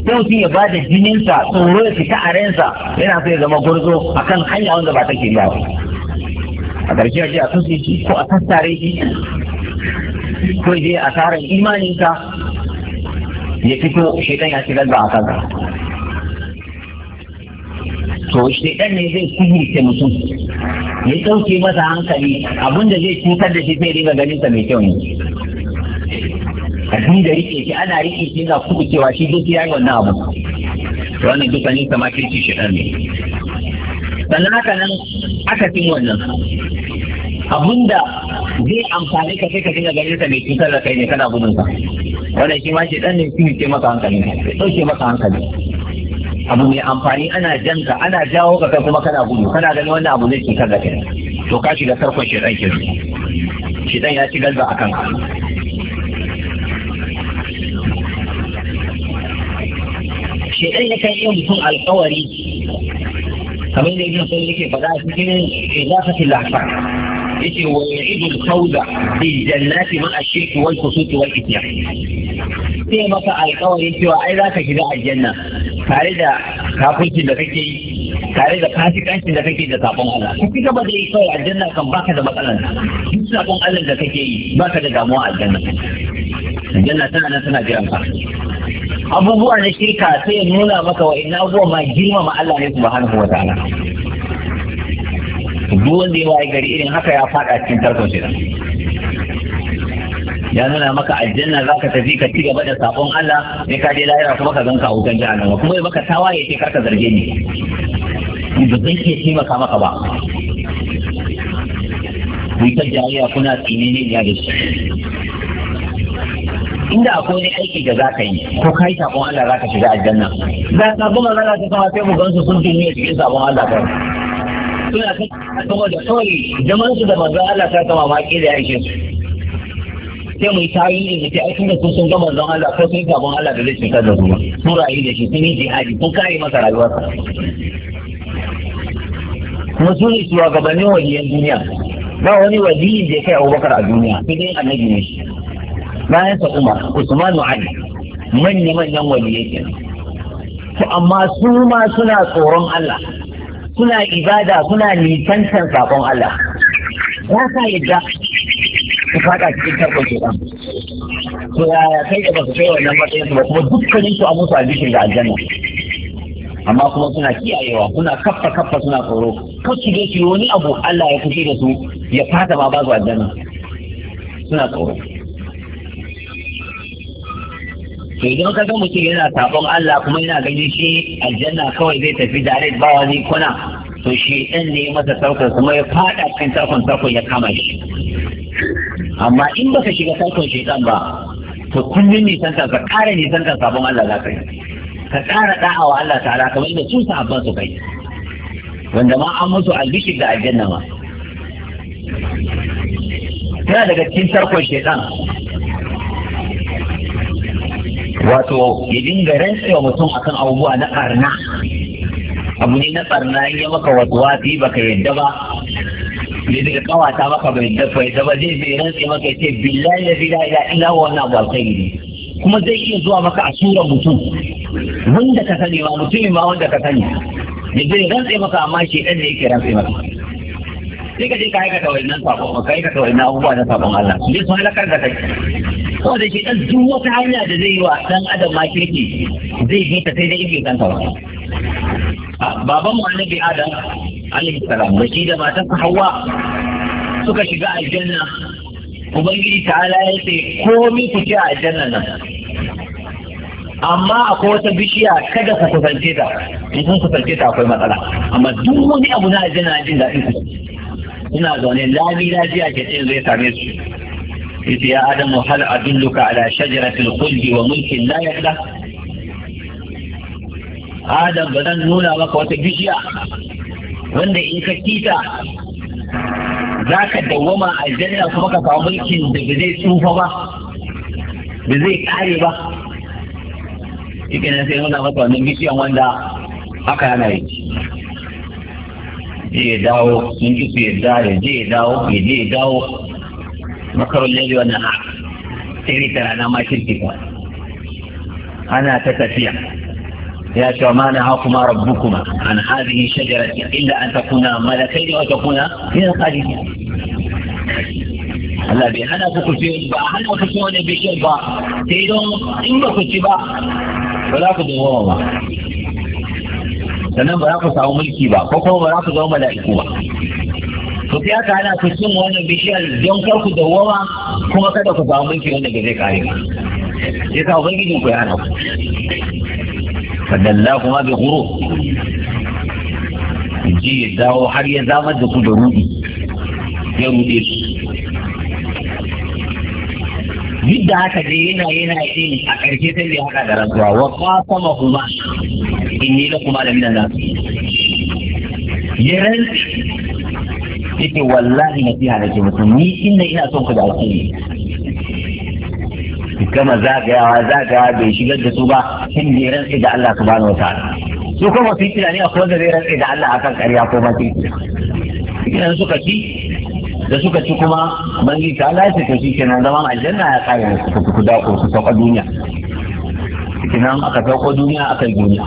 sai mutum ya bada jininsa tsoro ya fita a ransa yana so ya zama gwarzo akan hanya wanda ba ta ke ba a ƙarshe a ce a tutse shi ko a tattare shi ko je a tsarin imaninka ya fito shekan ya shigar da a kanka to shekan ne zai sihirce mutum ya ɗauke masa hankali abinda zai cutar da shi zai dinga ganin sa mai kyau ne a rike shi ana rike shi yana kuma cewa shi duk ya yi wannan abu wannan duka ne kama kirki shi ne sannan haka nan aka cin wannan abinda zai amfani ka sai ka dinga ganin sa mai cutar da kai ne kana gudun sa wannan shi ma shi dan ne shi ke maka hankali dauke maka hankali abu mai amfani ana janka ana jawo ka kai kuma kana gudu kana ganin wannan abu ne cutar da kai to ka shiga sarkon shi dan ke shi dan ya ci galba akan ka shekai yakan iya mutum alkawari kamar da ibn sun yake faɗa a cikin izafatil lahfar yace wa ya'idu al-fawza bi jannati ma ash-shirk wal khusut wal ityan sai maka alƙawarin cewa ai zaka shiga aljanna tare da kafircin da kake yi tare da fasikancin da kake da sabon Allah ku ci gaba da yi kawai aljanna kan baka da matsalan duk sabon Allah da kake yi baka da damuwa aljanna aljanna tana nan tana jiran ka abubuwa na shirka sai ya nuna maka na abubuwa ma girmama Allah ne subhanahu wa ta'ala duk wanda ya waye gari irin haka ya fada cikin tarkon shi ya nuna maka aljanna za ka tafi ka ci gaba da sabon Allah ne ka je lahira kuma ka ganka a wutan jahannama kuma ya maka tawaye ce ka zarge ni ba zan iya taimaka maka ba kun ta jariya kuna tsine ya da shi inda akwai wani aiki da za ka yi ko ka yi sabon Allah za ka shiga aljanna za sabon Allah za ka kama sai mu gansu sun tuni cikin sabon Allah ba suna kan da kawai zaman su da manzon Allah ta kama ma ke da aikin sai mu yi tayi da ta aikin da sun ga manzon Allah ko sun sabon Allah da zai shiga da su sun rayu da shi sun yi jihadi sun kare masa rayuwarsa kuma su ne shugabannin waliyan duniya ba wani waliyin da ya kai abubakar a duniya sai dai annabi ne shi bayan sa Umar Usmanu Ali manyan manyan wani yake. to amma su ma suna tsoron Allah suna ibada suna nisantan sakon Allah ya sa yadda su faɗa cikin tarkon shaitan to ya kai da ba su kai wannan matsayin ba kuma dukkanin su a musu albishin da aljanna amma kuma suna kiyayewa suna kaffa kaffa suna tsoro kar su shi wani abu Allah ya fushi da su ya fata ma ba su aljanna suna tsoro to idan ka ga mutum yana sabon Allah kuma yana ganin shi aljanna kawai zai tafi rai ba wani kuna to shi ɗan ne masa saukar kuma ya fada cikin tarkon tarkon ya kama shi amma in baka shiga shi shaitan ba to kullum san ka ka ƙara san ka sabon Allah za ka yi ka ƙara da'awa Allah ta'ala kamar inda su sahabban su kai wanda ma an musu albishi da aljanna ma tana daga cikin tarkon shaitan wato ya dinga rantsewa mutum akan abubuwa na ƙarna abu ne na ƙarna in ya maka wasu ba baka yadda ba ne daga kawata maka bai yadda ba yadda ba zai zai rantse maka ya ce billahi la ilaha illa huwa wannan abu alkhairi ne kuma zai iya zuwa maka a surar mutum wanda ka sani ma mutumin ma wanda ka sani ya zai rantse maka amma shi ɗan ne yake rantse maka sai ka je ka aikata wannan sabon ka aikata wannan abubuwa na sabon Allah su je sun halakar da kai saboda ke ɗan duk wata hanya da zai yi wa ɗan adam ma kirki zai bi ta sai da yake kan kawo baban mu annabi adam alaihi salam da shi da matan hawa suka shiga aljanna ubangiji ta'ala ya ce komi ku ci a aljanna nan amma akwai wata bishiya kada ku kusance ta in sun kusance ta akwai matsala amma duk wani abu na aljanna jin daɗin ku ina zaune lami lafiya ke tsaye zai same su yace ya adamu hal adulluka ala shajaratil khuldi wa mulkin la yahda adam ba zan nuna maka wata bishiya wanda in ka kita za ka dawwama a janna kuma ka samu da ba zai tsufa ba ba zai kare ba shi na sai nuna masa wannan bishiyan wanda aka yana yi je ki su yadda ya dawo ya je dawo مكر الليل والنهار sai tara na ma shirki ana ta tafiya ya ce ma na haku ma rabbukuma an hadhihi shajarati illa an takuna malakai wa takuna min al-khalidin Allah bai hana ku kuce ba hana ku kuce wani bishiyar ba sai don in ba ku ci ba ba za ku dawo ba sannan ba za ku samu mulki ba ko kuma ba za ku zama mala'iku ba to sai aka hana ku cin wannan bishiyar don kar ku dawowa kuma kada ku samu mulki wanda ba zai kare ba sai sa ubangijin ku ya hana ku fadalla kuma bi huro. ji ya dawo har ya zama da ku da rudi ya rude su duk da haka dai yana yana yin a ƙarshe sai da haka da rantsuwa wa qasama kuma yi da kuma da minan nasu ya rantsi yake wallahi nasiha nake musu ni inda ina son ku da alkhairi gama zagayawa zagayawa bai shigar da su ba sun ne rantsi da Allah subhanahu wa ta'ala su kuma su yi tunani a kowanne zai rantsi da Allah akan ƙarya ko mace idan suka ci da suka ci kuma bangi ta Allah ya ci kenan zaman aljanna ya kare su ku da ku su sauka duniya kenan aka sauko duniya aka yi duniya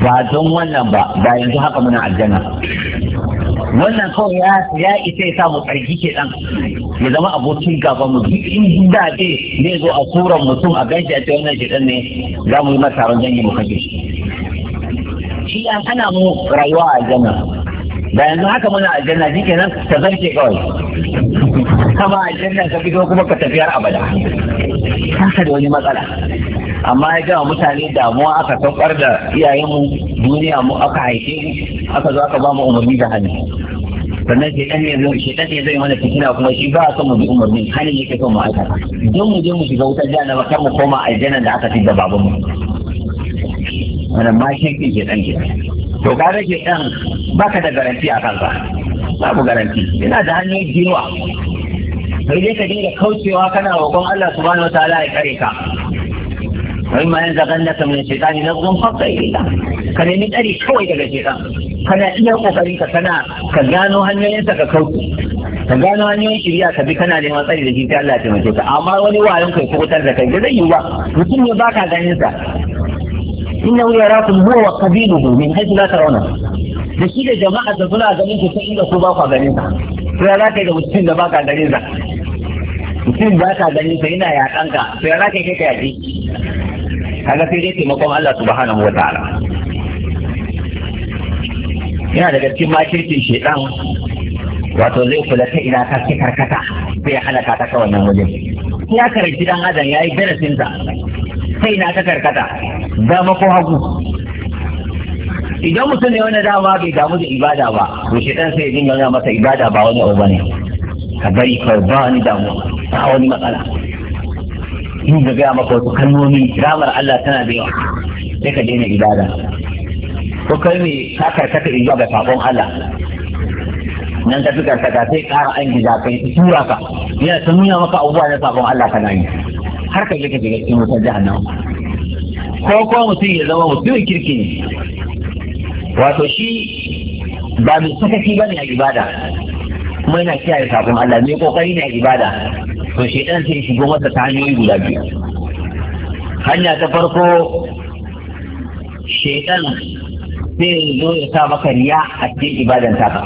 ba don wannan ba ba yanzu haka muna aljanna wannan kawai ya ya isa ya samu tsarki ke dan ya zama abokin gaba mu duk in da ke ne zo a suran mutum a ganshi a wannan shi dan ne za mu yi masa taron janye mu kaje shi an ana mu rayuwa a aljanna da yanzu haka muna aljanna shi kenan ta zarce kawai kama janna ka fito kuma ka tafiyar abada haka da wani matsala amma ya gama mutane damuwa aka saukar da iyayenmu duniya mu aka haife aka zo aka ba mu umarni da hannu sannan shi ɗan ne zai shi ɗan ne zai mana fitina kuma shi ba a son mu bi umarni hannun yake son mu aikata don mu je mu shiga wutar jahannama kar mu koma aljannan da aka fi da baban mu wannan ma shi ke ɗan ke to gare ke ɗan baka da garanti a kansa babu garanti yana da hanyoyin jinuwa sai dai ka dinga kaucewa kana roƙon Allah subhanahu wataala ya kare ka kan shi ينزغنك na الشيطان نزغ yi بالله ka nemi tsari kawai daga Ka kana iya kokarin ka kana ka gano hanyoyinsa ka kauce ka gano hanyoyin shirya ka bi kana neman tsari da shi Allah ya taimake ka amma wani wayon kai tar da kai da zai yi ba mutum ne baka ganin sa inna yarakum huwa wa qabiluhu min haythu la tarawna da shi da jama'a da suna ganin ku sai inda ku ba ku ganin sa to ya zaka da mutum da baka ganin sa mutum ba ka ganin sa yana yakan ka to ya zaka kai ka kaga sai dai taimakon Allah subhanahu wa ta'ala yana daga cikin makircin shedan wato zai kula ta ina ka ce karkata sai ya halaka ta wannan wajen ya karanci dan adam yayi darasin ta sai na ta karkata dama ko hagu idan mutum ne wani dama bai damu da ibada ba to shedan sai ya dinga masa ibada ba wani abu bane ka bari ka ba wani damu ba wani matsala da gaya maka wasu kalmomi ramar Allah tana da yawa sai ka daina ibada ko kai ne ka karkata zuwa ga sakon Allah nan ka fi karkata sai ƙara an gida kai tura ka yana ta nuna maka abubuwa na sakon Allah kana yi har ka je ka shiga cikin wutar jahannama ko ko mutum ya zama mutumin kirki ne wato shi ba mai sakaci ba ne a ibada kuma yana kiyaye sakon Allah mai kokari ne a ibada to shaidan sai shigo masa ta hanyoyi guda biyu hanya ta farko shaidan sai zo ya sa maka riya a cikin ibadan ba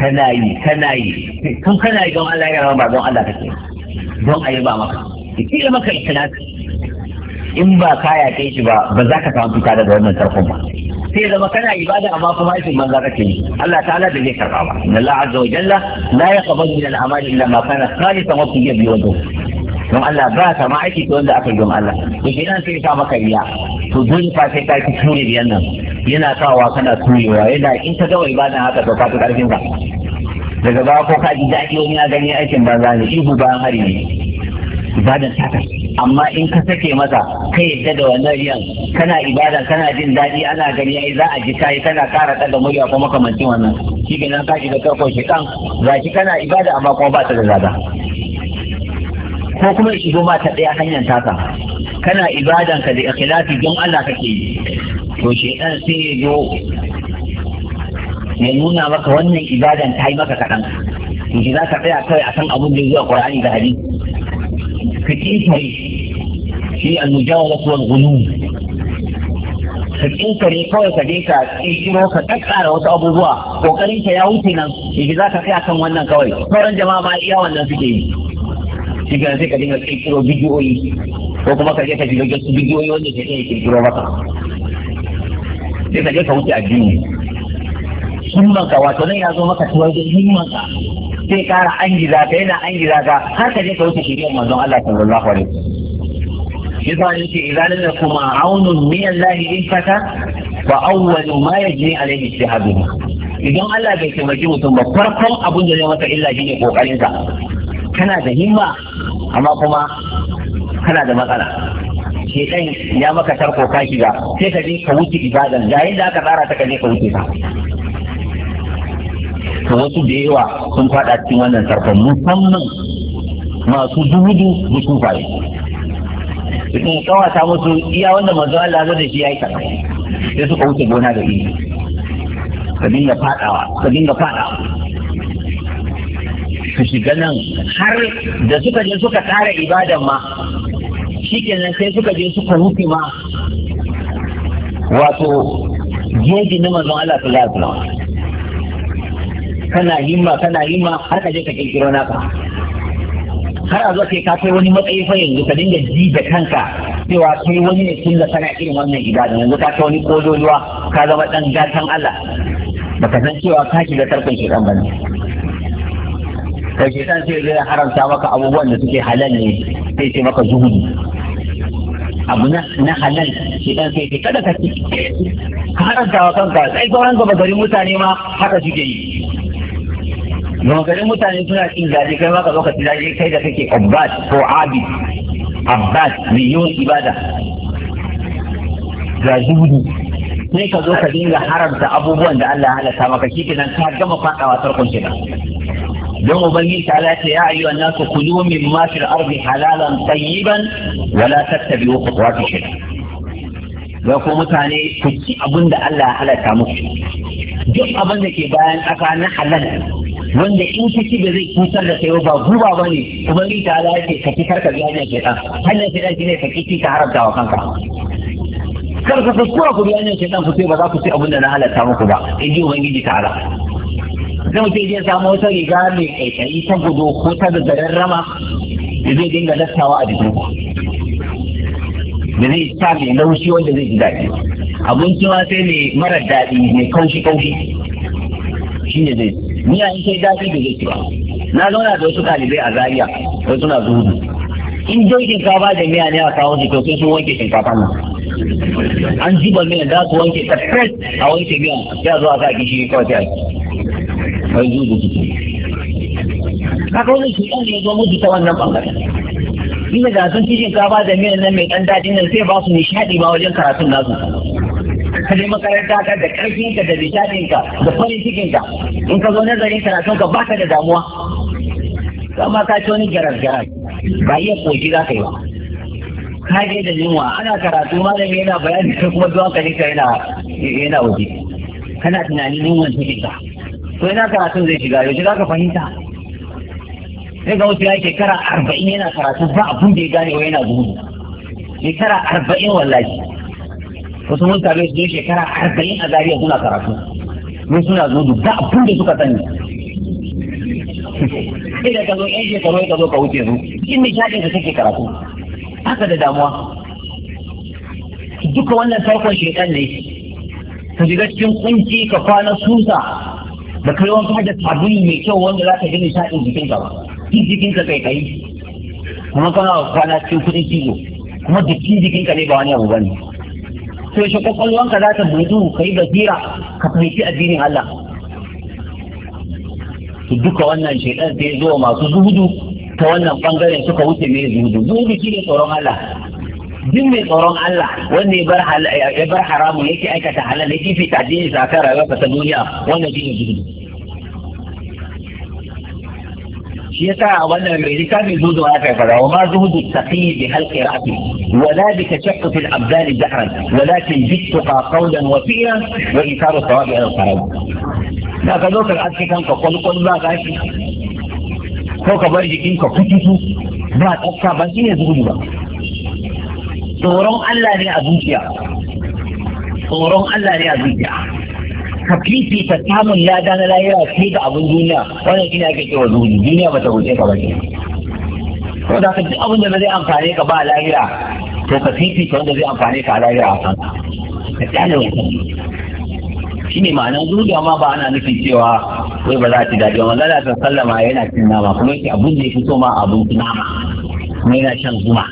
kana yi kana yi kan kana yi don Allah ya ba don Allah kake don a yi ba maka ya maka ikhlas in ba kaya kai shi ba ba za ka samu fita daga wannan tarkon ba sai zama kana ibada amma kuma aikin banza kake yi Allah ta'ala da zai karba ba inna Allah azza wa jalla la yaqbalu min al-amali illa ma kana khalisan wa tiyya bi wajhu don Allah ba ta ma aiki wanda aka yi don Allah to kenan sai ka maka riya to dole fa sai ka ki ture biyan nan yana sawa kana turewa yana in ka ga ibada haka to ka fi karfin ka daga ba ko ka ji daɗi wani ya gani aikin banza ne ihu bayan hari ne ibadan ta amma in ka sake masa ka yadda da wannan riyan kana ibada kana jin daɗi ana gani ai za a ji kai kana ƙara da murya ko makamancin wannan shi ke nan ka shiga shi kan za shi kana ibada amma kuma ba ta da zaga ko kuma ya shigo ma ta ɗaya hanyar taka kana ibadan ka da ikhlasi don Allah kake yi to ɗan sai ya zo ya nuna maka wannan ibadan ta yi maka kaɗan to shi za ka tsaya kawai akan abun da zuwa Qur'ani da hadisi ka kinkare shi al-mujawala wal ghulum ka tsinkare kawai ka je ka tsinkiro ka kakkara wasu abubuwa kokarin ka ya wuce nan idan za ka kai kan wannan kawai sauran jama'a ma iya wannan suke yi shi ga sai ka dinga kirkiro bidiyoyi ko kuma ka je ka shiga gasu bidiyoyi wanda ke iya kirkiro maka sai ka je ka wuce addini ka wato nan ya zo maka tuwar da ka sai kara an gida ka yana an gida ka har ka je ka wuce shirya manzon Allah sallallahu alaihi wasallam yasa ne ce idan da kuma aunun min Allah in fata fa awwalu ma yajni alaihi ijtihadu idan Allah bai taimaki mutum ba farkon abun da zai masa illa shine kokarin sa kana da himma amma kuma kana da matsala ke ɗan ya maka tarko ka shiga sai ka je ka wuce ibadan yayin da aka tsara ta ka je ka wuce ka to wasu da yawa sun faɗa cikin wannan tarkon musamman masu dudu da sufaye sun kawata musu iya wanda manzo Allah zai da shi yayi kaza sai suka wuce gona da iri ka dinga fadawa ka dinga fadawa su shiga nan har da suka je suka tsara ibadan ma shi kenan sai suka je suka rufe ma wato jeji na manzon Allah sallallahu alaihi wasallam kana himma kana himma har ka je ka kirkiro naka har a zo kai ka kai wani matsayi fa yanzu ka dinga ji da kanka cewa kai wani ne kin da kana irin wannan ibada yanzu ka kai wani kojojuwa ka zama dan gatan Allah baka san cewa ka shiga tarkon shekan bane kai shekan sai zai haramta maka abubuwan da suke halal ne sai ce maka zuhudi abu na halal shekan sai ce kada ka ci ka haramta wa kanka sai sauran gaba garin mutane ma haka suke yi maganganun mutane suna cin zaje kai ma ka zo ka ci zaje kai da kake abbas ko abi abbas miliyon ibada ga zuhudu sai ka zo ka dinga haramta abubuwan da Allah ya halaka maka shi kenan ka gama fadawa tarkon kenan don ubangiji ta ce ya ayyuha nasu kulu mimma fil ardi halalan tayyiban wala tattabi'u khutuwati shaytan ga ko mutane ku ci abin da Allah ya halatta muku duk abin da ke bayan ƙasa na halal wanda in ka ci da zai kusa da kai ba guba ba ne kuma ni ta ala ce ka ci karka biya ne ke dan hanyar shi shi ne ka ci ka haramta wa kanka kar ka kuskura ku biya ne ke dan ku ce ba za ku ci abin da na halatta muku ba in ji ubangiji ta ala sai mutum iya samu wata riga mai kaikayi ta gudu ko ta zazzaren rama da zai dinga dattawa a jikin da zai sa mai laushi wanda zai ji daɗi abinci ma sai mai marar daɗi mai kaushi kaushi shi ne zai ci. miya in sai dafi da zai ba na zauna da wasu kalibai a Zariya ko suna zuwa in dai shinkafa da miya ne a kawo shi to sai sun wanke shinkafa nan an jiba miya za su wanke ta fes a wanke miya sai a zo a sa gishiri kawai sai a ci zuwa zuhudu haka wani shuɗan ne ya zo mutu ta wannan ɓangaren ina da sun ci shinkafa da miyan nan mai dan daɗin nan sai ba su nishadi ba wajen karatun nasu ka je makaranta ka da ka da ka da farin ka in ka zo nazarin karatun ka baka da damuwa amma ka ci wani garar garar ba iya koji za ka yi ba ka je da yunwa ana karatu malami yana bayani sai kuma zuwa ka nika yana yana waje kana tunanin yunwan take ka to yana karatun zai shiga yaushe za ka fahimta sai ga wasu ya kara arba'in yana karatu ba abun da ya gane wa yana gudu shekara arba'in wallahi wasu mun su yi shekara arba'in a zariya suna karatu mun suna zo duk da abin da suka sani idan ka zo yan shekaru ka zo ka wuce su in shaɗin ka suke karatu haka da damuwa duka wannan tarkon shekar ne ka shiga cikin kunci ka kwana susa da kai wanka da sabulu mai kyau wanda za ka gani shaɗin jikinka ba jikinka kai kai kuma kana kwana cikin kudin cizo kuma jikin jikinka ne ba wani abu ba ne to shi kwakwalwanka za ta budu ka yi basira ka fahimci addinin Allah duka wannan shaidan sai zo masu zuhudu ta wannan bangaren suka wuce mai zuhudu zuhudu shi ne tsoron Allah duk mai tsoron Allah wanda ya bar haramun yake aikata halal yake fita addinin sa kan rayuwarsa ta duniya wannan shi ne zuhudu shi yasa a wannan mai littafin zuhudu ana karkara wa ma zuhudu taqiyi bi halqi ra'si wa la bi tashaqqu fil abdan dahran walakin bi tuqa qawlan wa fi'a wa ikaru thawabi ala al-qarab da ka zo kan aski kanka kwalkwal ba gashi ko ka bar jikinka kututu ba tsafta ba shi ne zuhudu ba tsoron Allah ne a zuciya tsoron Allah ne a zuciya ka fifita samun lada na layira fiye da abin duniya wannan shi ne ake cewa zuhudu duniya ba ta wuce ka ba ke ko da duk abin da zai amfane ka ba lahira to ka fifita wanda zai amfane ka a layira a kan ka tsale shi ne ma'anar zuhudu amma ba ana nufin cewa wai ba za ta dace Ma za ta sallama yana cin nama kuma yake abin da ya fito ma abin nama kuma yana shan zuma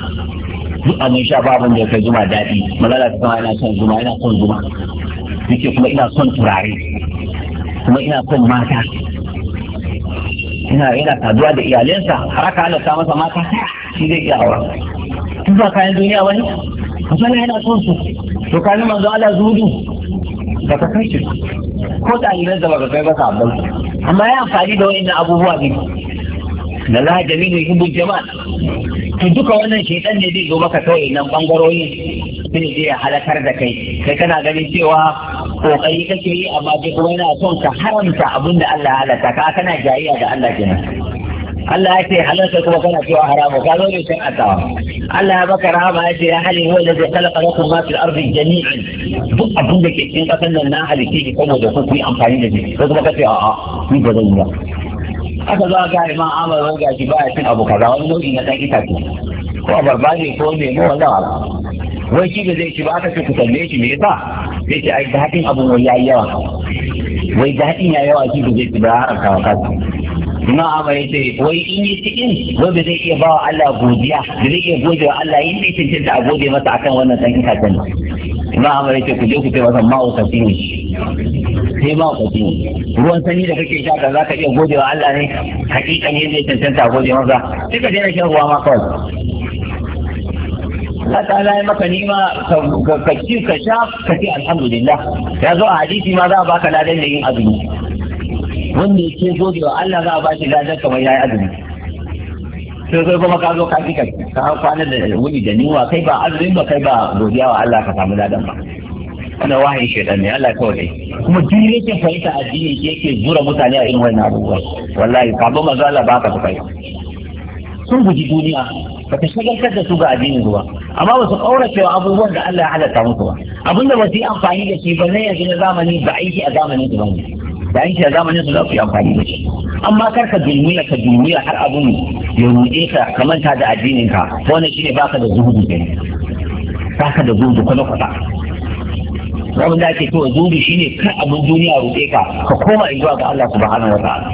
duk abin sha babin da ya kai zuma daɗi malala ta sama yana shan zuma yana son zuma yake kuma ina son turare kuma ina son mata ina yana saduwa da iyalinsa har aka halatta masa mata shi zai iya aura tun ba kayan duniya wani masana yana son su to kayan manzo Allah zuhudu da ka kai ko ɗaliban da baka kai ba sabon amma ya amfani da wani abubuwa ne da la jamilu yuhibbul jama'a to duka wannan shaitan ne zai zo maka kawai nan ɓangarori, sai zai halakar da kai sai kana ganin cewa kokari kake yi amma duk wani yana son ka haramta abin da Allah halatta ka kana jayayya da Allah kenan Allah ya ce halarta kuma kana cewa haramu ka zo ne can asawa Allah ya baka rahama ya ce ya hali wanda zai khalaqa lakum ma fil ardi jami'an duk abin da ke cikin kasan nan na halitta ki saboda ku yi amfani da shi sai kuma kace a'a ni ba zan yi ba aka zo ga imam Ahmad wani gashi baya cin abu kaza wani nau'i na dan itace ko barbaje ko lemo wala wala wai shi da zai ci ba aka ce ku kalle shi me yasa sai ce ai daɗin abun wai yayi yawa wai daɗin ya yawa shi da zai ci ba a kawo kasu na amma ya ce wai in yi cikin wai ba zai iya ba wa Allah godiya da zai iya gode wa Allah yin ne cancanta a gode masa akan wannan ɗan itacen na amma ya ce ku je ku ce masa ma'aikaci ne sai ma'aikaci ne ruwan sani da kake sha ka za ka iya gode wa Allah ne hakikan yadda ya cancanta a gode masa sai ka daina shan ruwa ma kawai Allah ta ya maka nima ka ci ka sha ka ce alhamdulillah ya zo a hadisi ma za a baka ladan da yin azumi wanda ya ce gode wa Allah za a ba shi ladan kamar ya yi azumi sai kai kuma ka zo ka fi ka kwana da wuni da niwa kai ba azumin ba kai ba godiya wa Allah ka samu ladan ba wannan wahayin shaidan ne Allah kawai kuma duk yake fahimta addini yake zura mutane a irin wannan abubuwa wallahi ka ba manzo Allah ba ka su kai sun guji duniya ba ta shagaltar da su ga addinin ruwa amma ba su kaura cewa abubuwan da Allah ya halatta musu ba abinda ba su yi amfani da shi ba na yanzu na zamani ba aiki a zamanin su ba ne da aiki a zamanin su za su yi amfani da shi amma kar ka dulmiya ka dulmiya har abun ya ruɗe ka ka manta da addinin ka wannan shine baka da zuhudu ne baka da zuhudu kwata kwata wanda ake cewa zuhudu shine kar abin duniya ruɗe ka ka koma zuwa ga Allah subhanahu wa ta'ala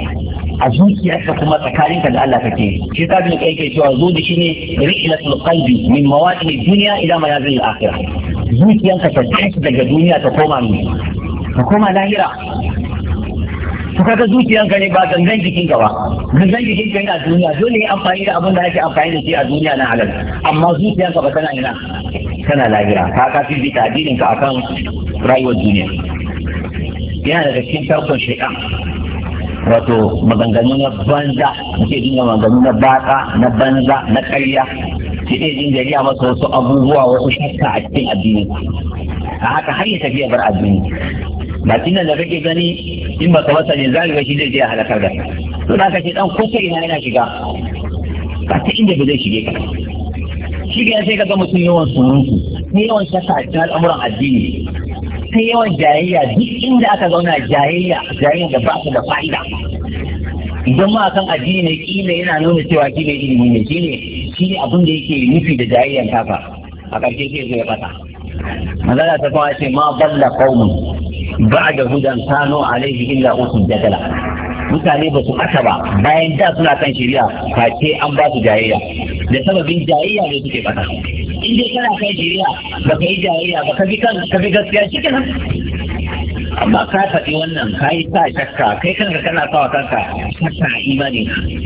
a zuciyarka kuma tsakaninka da Allah kake shi ta bin kai ke cewa zo da shi ne ri'ilatul qalbi min mawaqi dunya ila manazil akhirah zuciyanka ta tashi daga duniya ta koma mu ta koma lahira to kaga zuciyanka ne ba gangan jikinka ba gangan jikinka yana duniya dole ne amfani da abin da yake amfani da shi a duniya na halal amma zuciyanka ba tana ina tana lahira ka ka fi bita addininka akan rayuwar duniya yana daga cikin tarkon shaitan wato maganganu na banza muke dinga maganganu na baka na banza na ƙarya shi ɗaya jin gari a masa wasu abubuwa wasu shakka a cikin addini a haka har ya tafiya bar addini ba nan da kake gani in ba ka masa ne zalika shi zai je halakar da to da ka ce dan kusa ina yana shiga ba ta inda ba zai shige ka shi ga sai ka ga mutum yawan surutu ne yawan shakka a cikin al'amuran addini sai yawan jayayya duk inda aka zauna jayayya jayayya da ba su da fa'ida idan ma kan addini ne kila yana nuna cewa shi ilimi ne shi ne shi ne da yake nufi da jayayyan kafa a ƙarshe sai zai fata manzala ta kuma ce ma balla qaumun ba'da hudan sanu alaihi illa usul jadala mutane ba su ɓata ba bayan da suna kan shari'a ce an ba su jayayya da sababin jayayya ne suke ɓata in dai kana kai jiriya ba ka yi jayayya ba ka bi kan ka bi gaskiya shi kenan amma ka faɗi wannan ka yi sa shakka kai kanka kana sa wa kanka shakka imani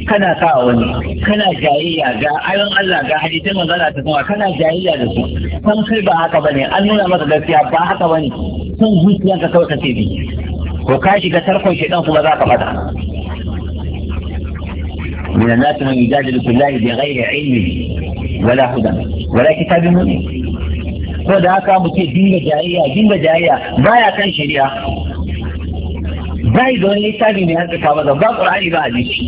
kana sa wani kana jayayya ga ayon Allah ga hadisai magana ta kuma kana jayayya da su san kai ba haka ba ne, an nuna maka gaskiya ba haka bane san zuciyarka kawai ka ce bi ko ka shiga tarkon shedan kuma za ka fata. من الناس من يجادل في الله بغير علم ولا هدى ولا كتاب منير ko da haka mutu ce dinga jayayya dinga jayayya ya kan shari'a yi da wani littafi mai haskaka maza ba qur'ani ba hadisi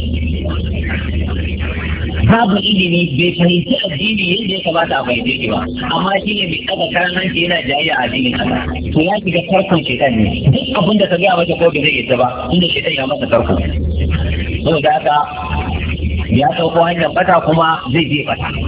babu ilimi bai fahimci addini yadda ya kamata a fahimci shi ba amma shi ne mai ɗaga karanci yana jayayya a addinin Allah to ya shiga tarkon shaitan ne duk abin da ka gaya mata ko bai zai ta ba inda shaitan ya masa tarko haka ya ɗauko hanyar bata kuma zai je bata